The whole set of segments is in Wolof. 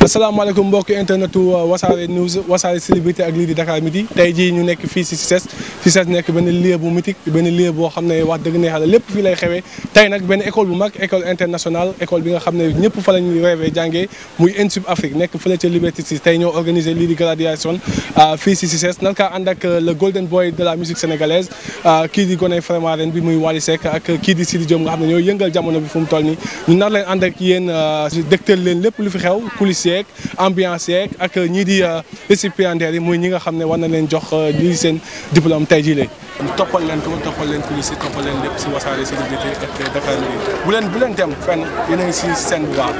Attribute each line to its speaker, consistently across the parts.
Speaker 1: asalaamaaleykum mbokki internet uh, wasaare news wasaare célébrité ak lii di Dakar midi tey jii ñu nekk fii si CICES CICES nekk benn lieu bu mythique benn lieu boo xam ne wax dëgg neex la lépp fii lay xewee tey nag benn école bu mag école internationale école bi nga xam ne ñëpp fa lañuy rêvé jàngee muy ENSUP Afrique nekk fële ca Liberté si tey ñoo organisé lii di graduation uh, fii si CICES nan kaa ànd ak uh, le golden boy de la musique sénégalaise kii di gone vraiment ren bi muy Wally Seck kii di Sidi Diop nga xam ne jamono bi fu mu toll nii ñu nar leen ànd ak yéen dégtal leen lépp lu fi xew coulisses yeeg ambiance yeeg ak ñii di euh, récipiendaires yi muy ñi nga xam ne war na leen jox euh, lii seen diplôme tey jii léegi. toppal leen ko toppal leen coulisse toppal leen lépp si wasaare si diggante ak Dakar Midi bu leen bu leen dem fenn yéen ngi si seen bu baax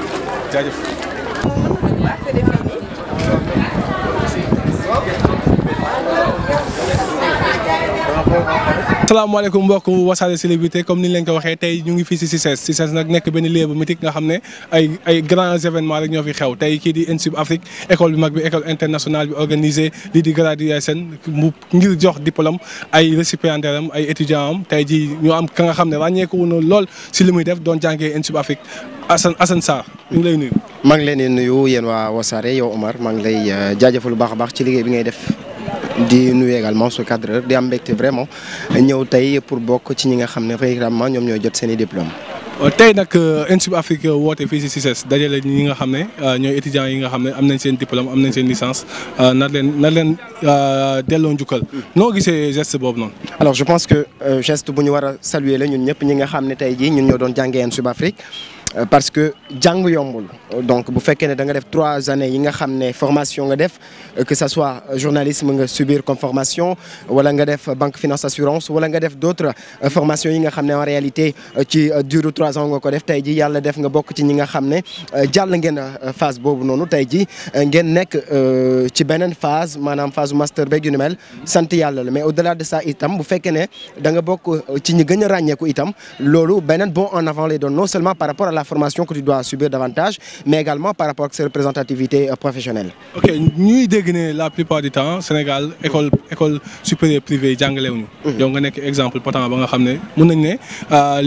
Speaker 1: salaamaaleykum mbokk wasaare célébrité comme ni ñu leen ko waxee tey ñu ngi fii si CICES CICES e nag nekk benn lieu bu mythique nga xam ne ay ay grands rek ñoo fi xew tey kii di INSUP Afrique école bi mag bi école internationale bi organisé lii di graduation bu ngir jox diplôme ay récipiendaire am ay étudiant am tey ji ñu am ka nga xam ne ràññeeku woon lool si li muy def doon jàngee INSUP Afrique Assane assan Sarr ñu ngi lay nuyu.
Speaker 2: maa ngi leen di nuyu yéen waa wasaare yow Omar maa ngi lay euh, jaajëfal bu baax a baax ci liggéey bi ngay def. di nuyu également su cadreur di am mbégte vraiment ñëw tey pour bokk ci ñi nga xam ne vraiment ñoom ñooy jot seen i diplôme
Speaker 1: euh, tey nag INSUP euh, Afrique euh, woote fii si CICES dajale ñi nga xam ne ñooy étudiants yi nga xam ne am nañ seen diplôme am nañ seen licence nar leen nar leen delloo njukkal noo gisee geste boobu noonu.
Speaker 2: alors je pense que gest bu ñu war a saluer la ñun ñëpp ñi nga xam ne tey jii ñun ñoo doon jàngee INSUP Afrique. Euh, parce que jàng yombul donc bu fekkee ne da nga def trois années yi nga xam ne formation nga def euh, que ça soit journalisme nga subir comme formation wala nga def banque finance assurance wala nga def d'autres euh, formations yi nga xam ne en réalité ci dure trois ans nga ko def tey ji yàlla def nga bokk ci ñi nga xam ne jàll ngeen phase boobu noonu tey ji ngeen nekk ci beneen phase maanaam phase master beeg yu ni mel sant yàlla la mais au delà de ça itam bu fekkee ne da nga bokk ci ñi gën a itam loolu beneen bon la formation que tu dois subir davantage mais également par rapport ak sa représentativité euh, professionnelle.
Speaker 1: ok ñuy dégg ne la plupart du temps Sénégal école supérieure privée jàngalewuñu. yow mhm. nga nekk exemple potent ba nga xam mun ne euh,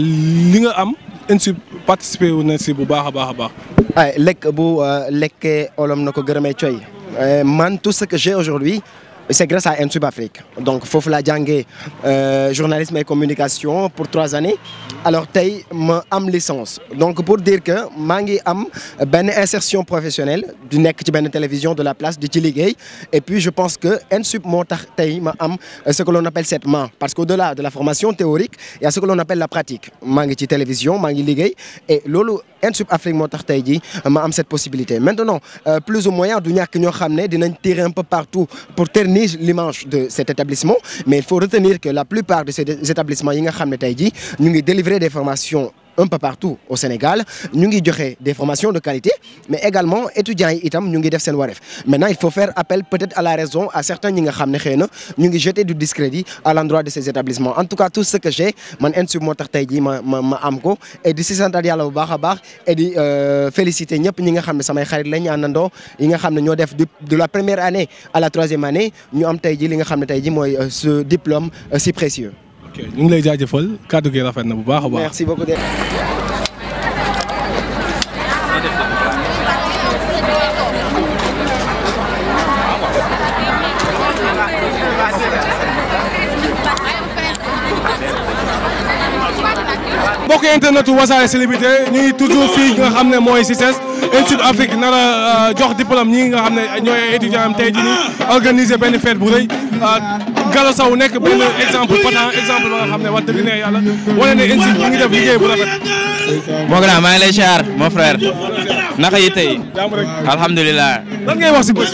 Speaker 1: li nga am insu participer wu na si bu baax a baax a baax.
Speaker 2: ay lekk bu euh, lekkee olom na ko gërëmee coy man tout ce que j'ai aujourd'hui c'est grâce à N-Sub donc foofu laa jàngee euh, journalisme et communication pour trois années alors tey ma am licence donc pour dire que maa ngi am benn insertion professionnelle du nekk ci benn télévision de la place di ci liggéey et puis je pense que N-Sub moo ma am euh, ce que l'on appelle cette main parce qu'au-delà de la formation théorique il y a ce que l'on appelle la pratique maa ngi ci télévision maa ngi liggéey et loolu N-Sub Afrique moo tax tey jii ma am cette possibilité maintenant euh, plus ou moins xam ne dinañ ni l'image de cet établissement mais il faut retenir que la plupart de ces établissements yi nga xam ne tey jii ñu ngi délivrer des formations un peu au Sénégal ñu ngi joxe des formations de qualité mais également étudiants yi itam ñu ngi def seen wareef maintenant il faut faire appel peut-être à la raison à certains ñi nga xam ne xëy na ñu ngi jeter du discrédit à l'endroit de ces établissements en tout cas tout ce que j'ai man ENSUP moo tax tey jii ma am ko et di si santaat yàlla bu baax a baax et di euh, féliciter ñëpp ñi nga xam ne samay xarit la ñu àndandoo yi nga xam ne ñoo def de la première année à la troisième année jii li nga ne tey jii mooy
Speaker 1: euh, ce diplôme euh, si ok ñu ngi lay jaajëfal kàddu gi rafet na bu baax a baax. merci beaucoup. mbokk internet wasaare célébrité ñu ngi toujours fii nga xam ne mooy CICES Institut Afrique nar a euh, jox diplôme ñi nga xam ne ñooy étudiant am tey jii nii organiser benn fête bu rëy. Euh, Gallo Sow nekk benn exemple patent exemple ba nga xam ne wax dëgg ne yàlla wane ne N6 mi ngi def liggéey bu rafet.
Speaker 3: moo gën a maa ngi lay ziar mon frère naka yi tey alhamdulilah. lan ngay wax si bés.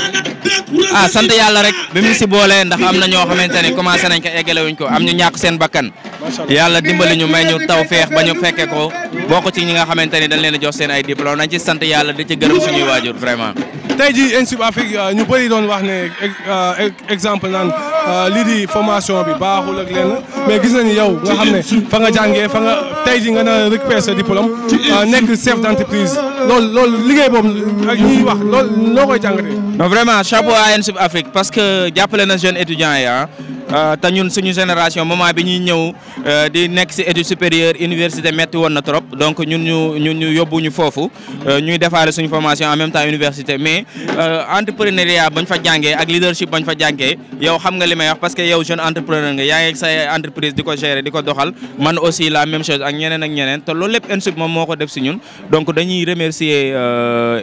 Speaker 3: ah sant yàlla rek bi mu si boole ndax am na ñoo xamante ne commencé nañ ko eggale wuñ ko am ñu ñàkk seen bakkan. yàlla dimbali ñu may ñu taw feex ba fekke ko bokk ci ñi nga xamante ni dañ leen a jox seen ay diplôme nañ sant yàlla di ci gërëm suñuy waajur vraiment
Speaker 1: tey jii INSUP Afrique euh, ñu bëri doon wax ne euh, exemple naan euh, lii di formation bi baaxul ak leen mais gis nañu yow nga xam ne fa nga jàngee fa nga tey jii nga na récupérer sa diplôme nekk chef d'entreprise loolu liggéey boobu ak ñuy wax noo koy jàngatee
Speaker 3: non vraiment chapeau à INSUP Afrique parce que jàppale na jeune étudiant Euh, te ñun suñu génération moment bi ñuy ñëw euh, di nekk si études supérieures université metti woon na trop donc ñun ñu ñun ñu yóbbu ñu foofu euh, ñuy defaale suñu formation en même temps université mais entrepreneuriat bañ fa jàngee ak leadership bañ fa jàngee yow xam nga li may wax parce que yow jeune entrepreneur nga yaa ngi sa entreprise di ko gérer di ko doxal man aussi la même chose ak ñeneen ak ñeneen te loolu lépp ENSUP moom moo ko def si ñun donc dañuy remercier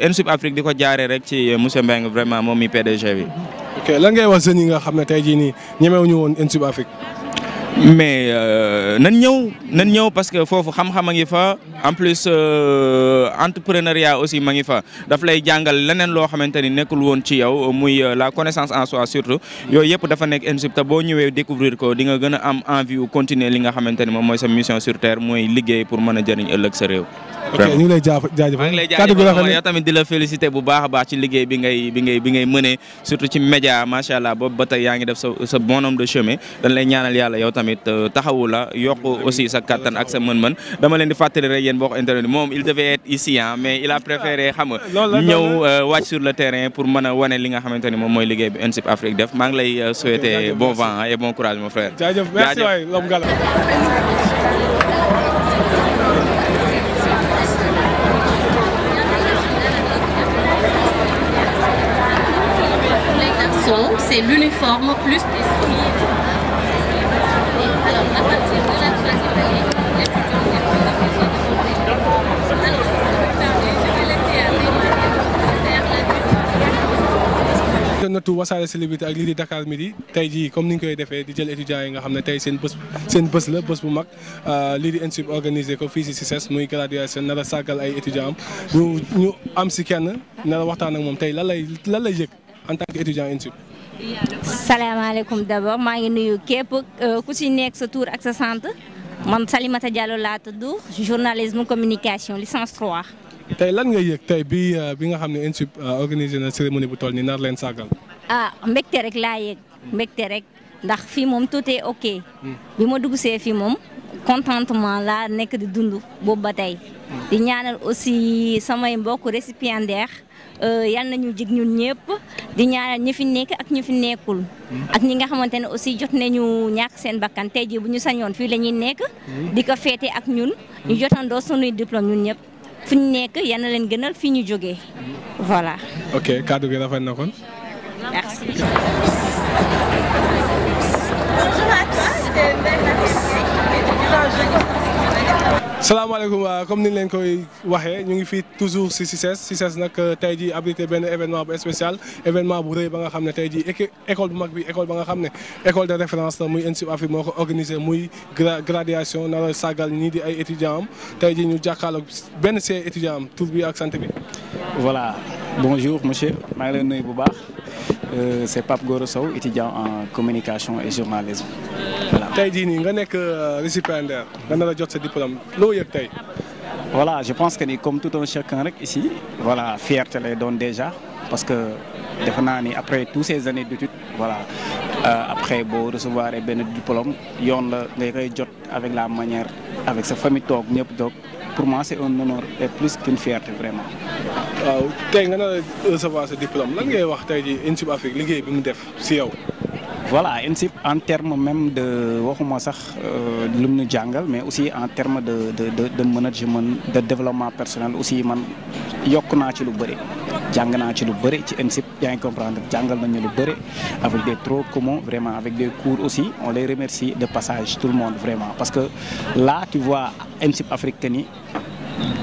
Speaker 3: ENSUP Afrique di ko jaaree rek ci monsieur Mbengue vraiment moom mi PDG bi
Speaker 1: ok lan ngay wax jeunes yi nga xam ne tey jii nii ñemewuñu woon INSUB Afrique.
Speaker 3: mais euh, nan ñëw nan ñëw parce que foofu xam-xam a ngi fa en plus euh, entrepreneuriat aussi ma ngi fa daf lay jàngal leneen loo xamante ni nekkul woon ci yow muy euh, la connaissance en soi surtout yooyu yëpp dafa nekk NSIP te boo ñëwee découvrir ko di nga gën a am envie ou li nga xamante ni moom mooy sa mission sur terre mooy liggéey pour mën a jëriñ ëllëg sa réew. yow tamit di la féliciter bu baax a baax ci liggéey bi ngay bi ngay bi ngay surtout ci média macha allah boobu ba tey yaa ngi def sa sa bon nombre yàlla yow tamit tamit euh, taxawu la yokk aussi sa kattan ak sa man man dama leen di fàttali rek yéen boo ko internet moom il devait être ici mais il a préféré xam nga ñëw euh, wàcc sur le terrain pour mën a wane li nga xamante ni moom mooy liggéey bi UNSIP Afrique def maa ngi lay euh, souhaiter bon vent et bon courage frère.
Speaker 1: internetu wasaare célébrité ak lii di Dakar midi tey jii comme ni ñu koy defee jël étudiants yi nga xam ne tey seen bés la bés bu mag euh, lii di INSUP organisé ko fii si CICES e muy graduation nar a sàggal ay étudiants am ñu ñu am si kenn nar a waxtaan ak moom tey lan lay en tant que étudiant INSUP.
Speaker 4: Euh, sa tur
Speaker 1: tey lan nga yëg tey bi euh, bi nga xam ne INSUP euh, organisé na cérémonie bu toll ni nar leen sàggal.
Speaker 4: ah mbégte rek laa yëg. mbégte rek ndax fii moom tout est ok. bi ma dugg see fii moom contentement la nekk di dund boobu ba tey. di ñaanal aussi samay mbokk récipiendaire euh, yal nañu jig ñun ñëpp di ñaanal ñi fi nekk ak ñi fi nekkul. ak ñi nga xamante ne aussi jot ñu ñàkk seen bakkan tey jii bu ñu sañoon fii la ñuy nekk. di ko féete ak ñun. ñu jotandoo sunuy diplôme ñun ñëpp. fu ñu nekk yal leen gënal fi ñu jóge
Speaker 5: voilà.
Speaker 1: ok kàddu gi rafet na kon. merci. salaamaaleykum comme ni ñu leen koy waxee ñu ngi fii toujours si si e CICES e nag euh, tey jii abrité benn événement bu espécial événement bu rëy ba nga xam ne tey jii école bu mag bi école ba nga xam ne école de référence la muy ENSUP Afrique moo ko organisé muy graduation na a sàggal ñii di ay étudiants am tey jii ñu jàkkaarloog benn see étudiant am tur bi ak sant bi.
Speaker 6: voilà bonjour monsieur maa ngi leen nuyu bu baax. Euh, c'est Pape Gora Sow étudiant en communication et journalisme voilà. tey jii nii nga nekk euh, récipiendaire nga nar a jot sa diplôme loo yëg tey. voilà je pense que ni comme tout un chacun rek ici voilà fierté lay doon déjà parce que defe naa ni après tous ces années d'études voilà euh, après bo recevoir benn diplôme yoon la ngay koy jot avec la manière avec sa famille toog ñëpp toog pour moi c'est un honneur et plus qu'une fierté vraiment.
Speaker 1: waaw tey nga na recevoir sa diplôme lan ngay wax tey jii INSIP Afrique liggéey bi mu def si yow.
Speaker 6: voilà INSIP en terme même de waxuma sax lu mu ñu jàngal mais aussi en terme de de de de management de développement personnel aussi man yokk naa ci lu bëri. jàng naa ci lu bëri ci INSIP yaa ngi comprendre jàngal nañu lu bëri avec des trop communs vraiment avec des cours aussi on les remercie de passage tout le monde vraiment parce que là tu vois INSIP Afrique que ni.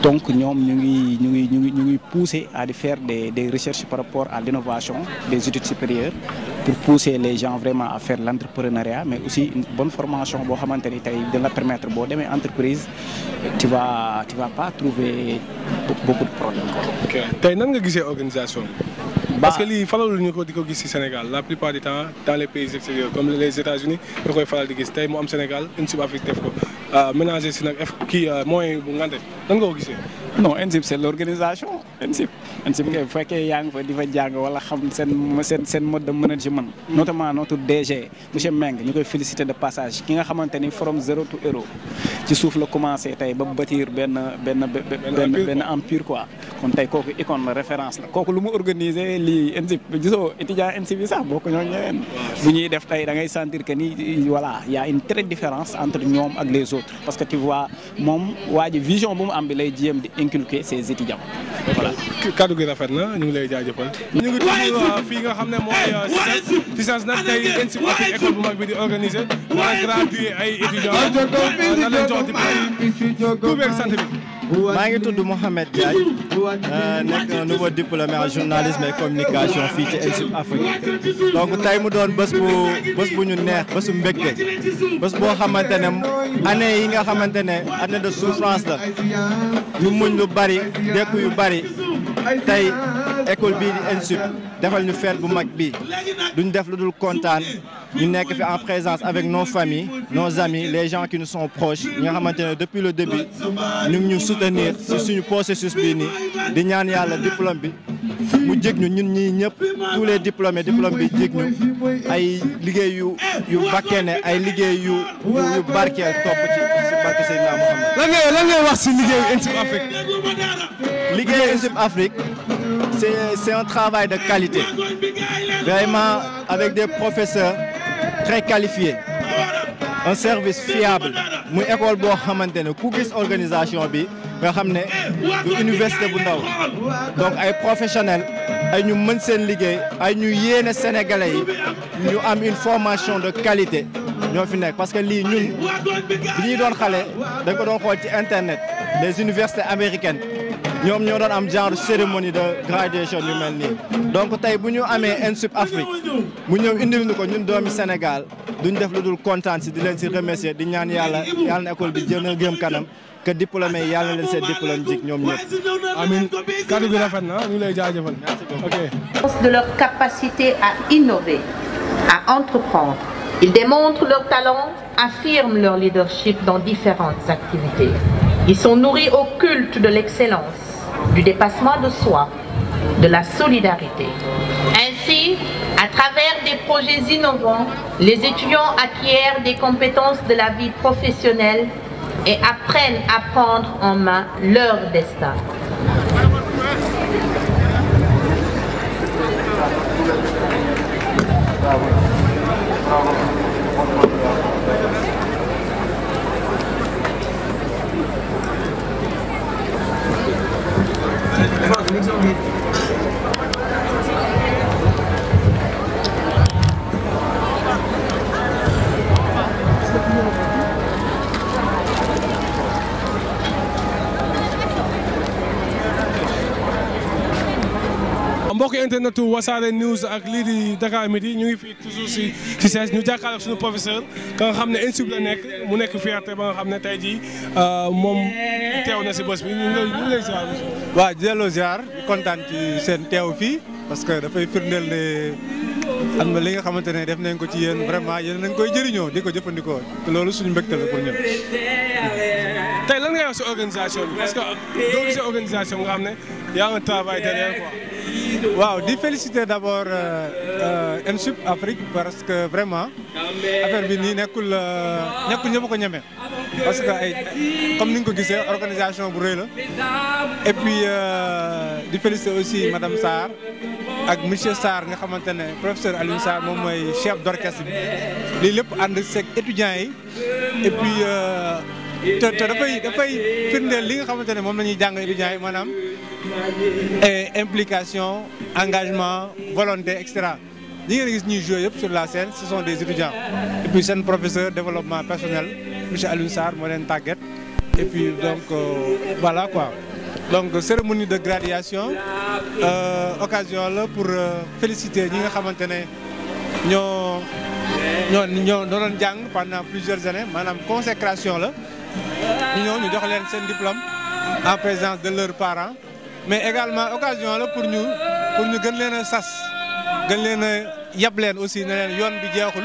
Speaker 6: Donc, nous, nous, nous, nous, nous poussés à faire des, des recherches par rapport à l'innovation des études supérieures pour pousser les gens vraiment à faire l'entrepreneuriat, mais aussi une bonne formation de la permettre. Si tu entreprise, tu ne
Speaker 1: vas, tu vas pas trouver beaucoup de problèmes. Ok. Comment as vu l'organisation parce que lii faral ñu ko di ko gis ci Sénégal la plupart du temps dans les pays extérieurs comme les États-Unis da koy faral di gis tey mu am Sénégal une sub-Afrique def Euh, ménager si nag kii euh, moyen bu ngante nan nga ko non ENSIP c'est l'organisation ENSIP ENSIP fekkee yaa fa
Speaker 6: di fa jàng wala xam seen mode de management notamment notre DG monsieur Meng ñu koy féliciter de passage ki nga xamante from zéro to hero ci suuf la commencé tey ba bâtir benn benn benn benn empire quoi kon tey kooku icône la référence la kooku lu mu organiser lii ENSIP gisoo étudiant ENSIP yi sax bokk ñoo ñeneen bu ñuy def tey da sentir que ni voilà y a une très différence entre ñoom ak les autres parce que tu vois inculquer ses étudiants voilà. kaddu gi rafet na ñu ngi lay jaajëfal.
Speaker 1: ñu ngi tudd euh, fii nga xam ne mooy Ciss euh, nag tey dañ si wàcc école bu mag bi di organiser war a graduer ay étudiants lan lañ jox di couverture santé
Speaker 5: bi. maa ngi tudd Mouhamed Diagne euh, nekk un nouveau diplômé en journalisme et communication fii ci Elsub Afrique donc tey mu doon bés bu bés bu ñu neex bésu mbégte bés boo xamante ne année yi nga xamante ne année de souffrance la ñu muñ lu bari dékku yu bari tey école bii di Elsub defal ñu feet bu mag bi duñ def lu dul kontaan ñu nekk fi en présence avec nos familles nos amis les gens qui nous sont proches ñi nga xamante ne depuis le début ñu ngi ñu soutenir si suñu processus bii di ñaan yàlla diplôme bi mu jég ñu ñun ñii ñëpp tous les diplômés diplôme bi jég ñu ay liggéey yu yu bakkene ay liggéey yu yu barkeel topp ci si barke Seydina Muhammad lan ngay lan ngay wax si liggéeyu INSIP Afrique liggéeyu INSIP Afrique c'est c'est un travail de qualité vraiment avec des professeurs très qualifier un service fiable mu école boo xamante ne ku gis organisation bi nga xam ne du université bu ndaw donc ay professionnels ay ñu mën seen liggéey ay ñu yéene sénégalais yi ñu am une formation de qualité ñoo fi nekk parce que lii ñun bi ñuy doon xale dañ ko doon xool ci internet les universités américaines ñoom ñoo doon am genre cérémonie de graduation yu mel nii donc tey bu ñu amee ENSUP Afrique mu ñëw indil ñu ko ñun doomi Sénégal duñ def lu dul kontaan si di leen si remercier di ñaan yàlla yàlla na école bi jën a gëm kanam que diplômé yi
Speaker 1: yàlla na leen seen jik ñoom ñëpp. amiin kàddu bi rafet na ñu lay jaajëfal. ok.
Speaker 2: de leur capacité à innover à entreprendre ils démontrent leur talent affirment dans différentes activités. Ils sont nourris au culte de l'excellence. du dépassement de soi, de la solidarité.
Speaker 3: Ainsi, à
Speaker 2: travers des projets innovants, les étudiants acquièrent des compétences de la vie professionnelle et apprennent à prendre en main leur destin.
Speaker 6: mbokk
Speaker 1: internetu wasaare news ak lii di Dakar Midi ñu ngi fii toujours si si sees ñu jàkkaarloog suñu professeur ka nga xam ne institut la nekk mu nekk fierté ba nga xam ne tey jii euh, moom teew na si bés bi ñu ngi lay ñu ngi lay waaw delloo ziar kontaan ci seen teew fii
Speaker 4: parce que dafay firndeel ne am na li nga xamante ne def nañ ko ci yéen vraiment yéen nañ koy jëriñoo
Speaker 1: di ko jëfandikoo loolu
Speaker 4: suñu mbégte la pour ñun.
Speaker 3: tey
Speaker 1: lan ngay si organisation bi parce que doo gisee nga xam ne y a un travail derrière waaw di
Speaker 4: féliciter d'abord MSUP euh, euh, Afrique parce que vraiment affaire bi nii nekkul euh, nekkul ñëpp ko ñeme. parce que ay comme ni nga ko gisee organisation bu rëy la et puis euh, di féliciter aussi madame Sarr ak monsieur sar nga xamante ne professeur Alioune Sarr moom mooy chef d'orchestre bi lii lépp ànd seeg étudiants yi et puis euh, te te dafay dafay firndeel li nga xamante ne moom la ñuy jàng étudiants yi maanaam implication engagement volonté et cetera. ñi ngeen gis ñuy jouer yëpp sur la scène ce sont des étudiants et seen professeur développement personnel. monsieur Alioune Sarr moo leen tàggat et puis donc euh, voilà quoi donc cérémonie de graduation euh, occasion la pour euh, féliciter ñi nga xamante ne ñoo ñoo ñoo doon jàng pendant plusieurs années maanaam consécration la ñu ñëw ñu jox leen seen diplôme en présence de leurs parents mais également occasion la pour ñu pour ñu gën leen a sas gën leen a yab leen aussi ne leen yoon bi jeexul.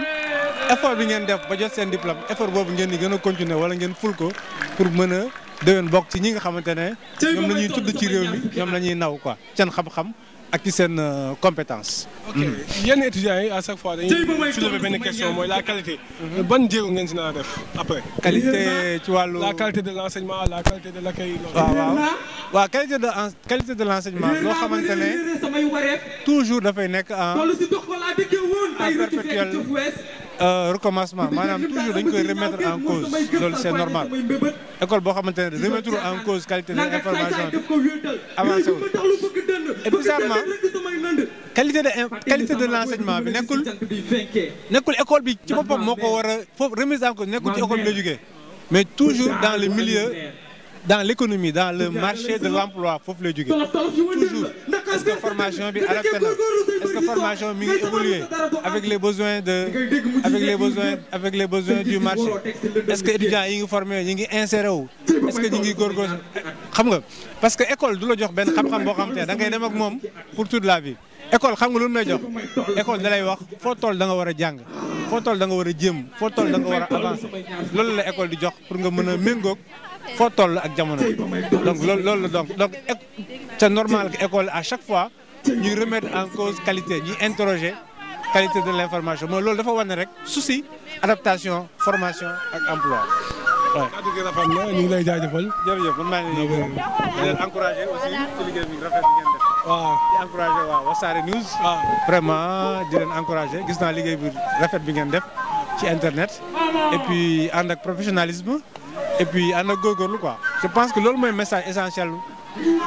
Speaker 4: effort bi ngeen def ba jot seen diplôme effort boobu ngeen di gën a continuer wala ngeen ful ko pour mën a déwén bokk ci ñi nga xamante ne ñoom la ñuy tudd ci réew mi ñoom la ñuy naw quoi seen xam-xam ak ci seen euh, compétence.
Speaker 1: Mm-hmm. yenn étudiants yi à chaque fois dañuy soulever benn question mooy la qualité. ban jéego ngeen si nar a def après. qualité ci wàllu qualité de l' enseignement la qualité de l' accueil. waaw waaw waaw qualité de qualité de l' enseignement
Speaker 4: loo xamante ne toujours dafay nekk en
Speaker 3: en perpétuel
Speaker 4: Euh, recommencement maanaam toujours dañ koy remettre en cause loolu c'est normal école boo xamante ne remettre en cause qualité de l'information avancé wul et bizarrement qualité de l'enseignement bi nekkul nekkul école bi ci boppam moo ko war a foofu remise en cause nekkul ci école bi la jógee mais toujours dans le milieu dans l'économie dans le marché de l'emploi foofu la jógee
Speaker 1: toujours
Speaker 4: est-ce que formation bi adapté na est-ce que formation mi ngi évoluer avec les besoins de avec les besoins avec les besoins du marché est-ce que étudiants yi ngi formé yi ngi inséré wu est-ce que ñu ngi góorgóorlu xam nga parce que école du la jox benn xam-xam boo xam te da ngay dem ak moom pour toute la vie école xam nga lu mu lay jox école da lay wax foo toll da nga war a jàng foo toll da nga war a jéem foo toll da nga war a la école di jox pour nga mën a méngóog foo toll ak jamono donc loolu loolu la donc donc c'est normal que école à chaque fois ñuy remettre en cause qualité ñuy interroger qualité de l'information mooy loolu dafa wane rek soussi adaptation formation ak emploi
Speaker 1: waaw kàddu ñu ngi lay jaajëfal.
Speaker 4: jërëjëf man maa ngi leen di leen encouragé aussi ci liggéey bi rafet bi ngeen def. vraiment di leen gis naa liggéey bi rafet bi ngeen def ci internet. et puis ànd ak professionnalisme. et puis ànd ak góorgóorlu je pense que loolu mooy message essentiel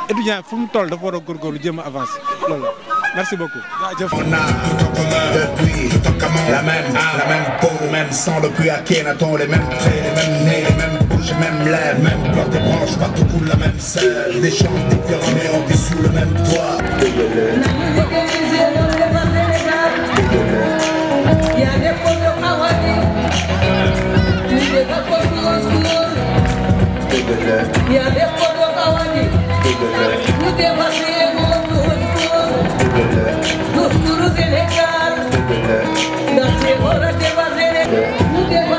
Speaker 4: étudiant fu mu toll dafa war a góorgóorlu jéem a avancé merci
Speaker 6: beaucoup. on a tout en commun le plus à qui n'a-t-on les mêmes porte et branche partout la même selle des chants différents mais on vit sous le même toit. Dëgg la